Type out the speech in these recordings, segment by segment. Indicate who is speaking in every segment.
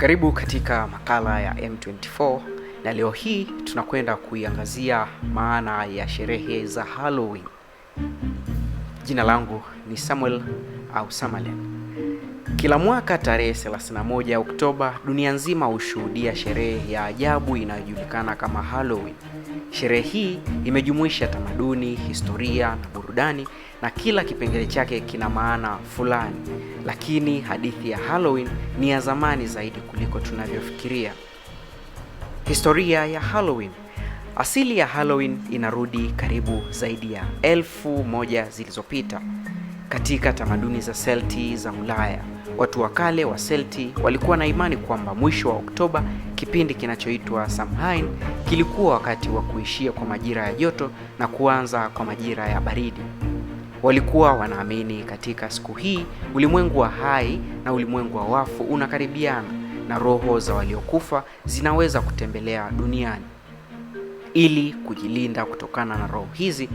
Speaker 1: Karibu katika makala ya M24 na leo hii tunakwenda kuiangazia maana ya sherehe za Halloween. Jina langu ni Samuel au Samalen. Kila mwaka tarehe 31 Oktoba, dunia nzima hushuhudia sherehe ya ajabu inayojulikana kama Halloween. Sherehe hii imejumuisha tamaduni, historia na burudani, na kila kipengele chake kina maana fulani. Lakini hadithi ya Halloween ni ya zamani zaidi kuliko tunavyofikiria. Historia ya Halloween. Asili ya Halloween inarudi karibu zaidi ya elfu moja zilizopita. Katika tamaduni za Celti za Ulaya, watu wa kale wa Celti walikuwa na imani kwamba mwisho wa Oktoba, kipindi kinachoitwa Samhain, kilikuwa wakati wa kuishia kwa majira ya joto na kuanza kwa majira ya baridi. Walikuwa wanaamini katika siku hii ulimwengu wa hai na ulimwengu wa wafu unakaribiana na roho za waliokufa zinaweza kutembelea duniani. Ili kujilinda kutokana na roho hizi,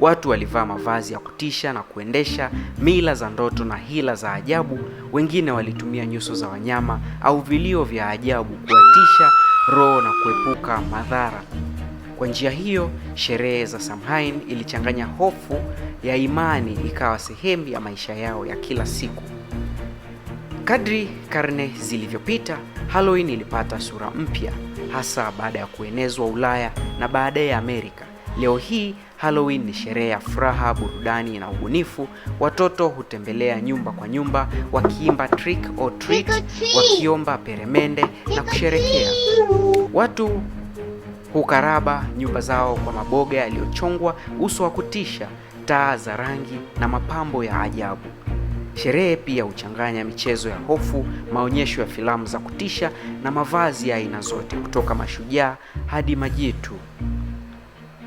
Speaker 1: watu walivaa mavazi ya kutisha na kuendesha mila za ndoto na hila za ajabu. Wengine walitumia nyuso za wanyama au vilio vya ajabu kuwatisha roho na kuepuka madhara. Kwa njia hiyo, sherehe za Samhain ilichanganya hofu ya imani ikawa sehemu ya maisha yao ya kila siku. Kadri karne zilivyopita, Halloween ilipata sura mpya, hasa baada ya kuenezwa Ulaya na baadaye Amerika. Leo hii Halloween ni sherehe ya furaha, burudani na ubunifu. Watoto hutembelea nyumba kwa nyumba wakiimba trick or treat, wakiomba peremende na kusherehekea. Watu hukaraba nyumba zao kwa maboga yaliyochongwa, uso wa kutisha, taa za rangi na mapambo ya ajabu. Sherehe pia huchanganya michezo ya hofu, maonyesho ya filamu za kutisha na mavazi ya aina zote kutoka mashujaa hadi majitu.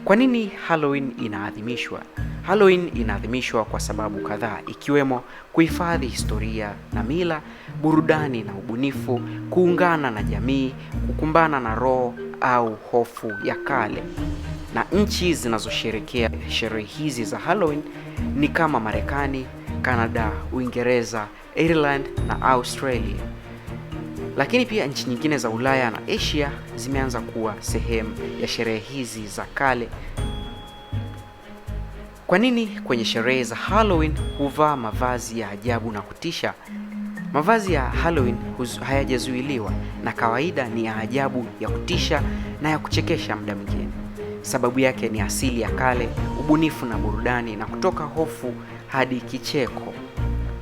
Speaker 1: Kwa nini Halloween inaadhimishwa? Halloween inaadhimishwa kwa sababu kadhaa ikiwemo kuhifadhi historia na mila, burudani na ubunifu, kuungana na jamii, kukumbana na roho au hofu ya kale. Na nchi zinazosherekea sherehe hizi za Halloween ni kama Marekani, Canada, Uingereza, Ireland na Australia. Lakini pia nchi nyingine za Ulaya na Asia zimeanza kuwa sehemu ya sherehe hizi za kale. Kwa nini kwenye sherehe za Halloween huvaa mavazi ya ajabu na kutisha? Mavazi ya Halloween hayajazuiliwa na kawaida ni ya ajabu, ya kutisha na ya kuchekesha muda mwingine. Sababu yake ni asili ya kale, ubunifu na burudani na kutoka hofu hadi kicheko.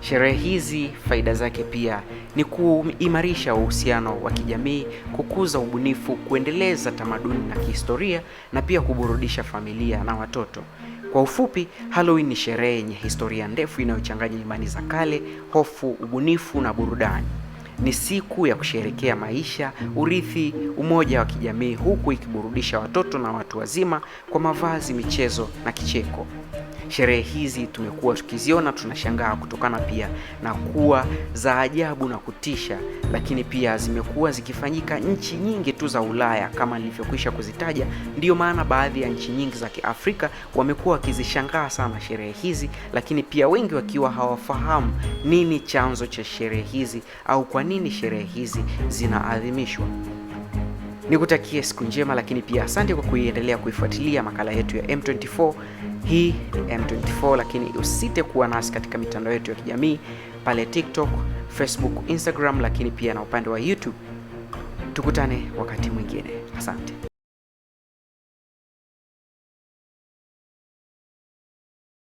Speaker 1: Sherehe hizi faida zake pia ni kuimarisha uhusiano wa kijamii, kukuza ubunifu, kuendeleza tamaduni na kihistoria na pia kuburudisha familia na watoto. Kwa ufupi, Halloween ni sherehe yenye historia ndefu inayochanganya imani za kale, hofu, ubunifu na burudani. Ni siku ya kusherekea maisha, urithi, umoja wa kijamii huku ikiburudisha watoto na watu wazima kwa mavazi, michezo na kicheko. Sherehe hizi tumekuwa tukiziona, tunashangaa kutokana pia na kuwa za ajabu na kutisha, lakini pia zimekuwa zikifanyika nchi nyingi tu za Ulaya kama nilivyokwisha kuzitaja. Ndiyo maana baadhi ya nchi nyingi za Kiafrika wamekuwa wakizishangaa sana sherehe hizi, lakini pia wengi wakiwa hawafahamu nini chanzo cha sherehe hizi au kwa nini sherehe hizi zinaadhimishwa. Nikutakie siku njema, lakini pia asante kwa kuiendelea kuifuatilia makala yetu ya M24. Hii ni M24, lakini usite kuwa nasi katika mitandao yetu ya kijamii pale TikTok, Facebook, Instagram, lakini pia na upande wa YouTube. Tukutane wakati mwingine. Asante.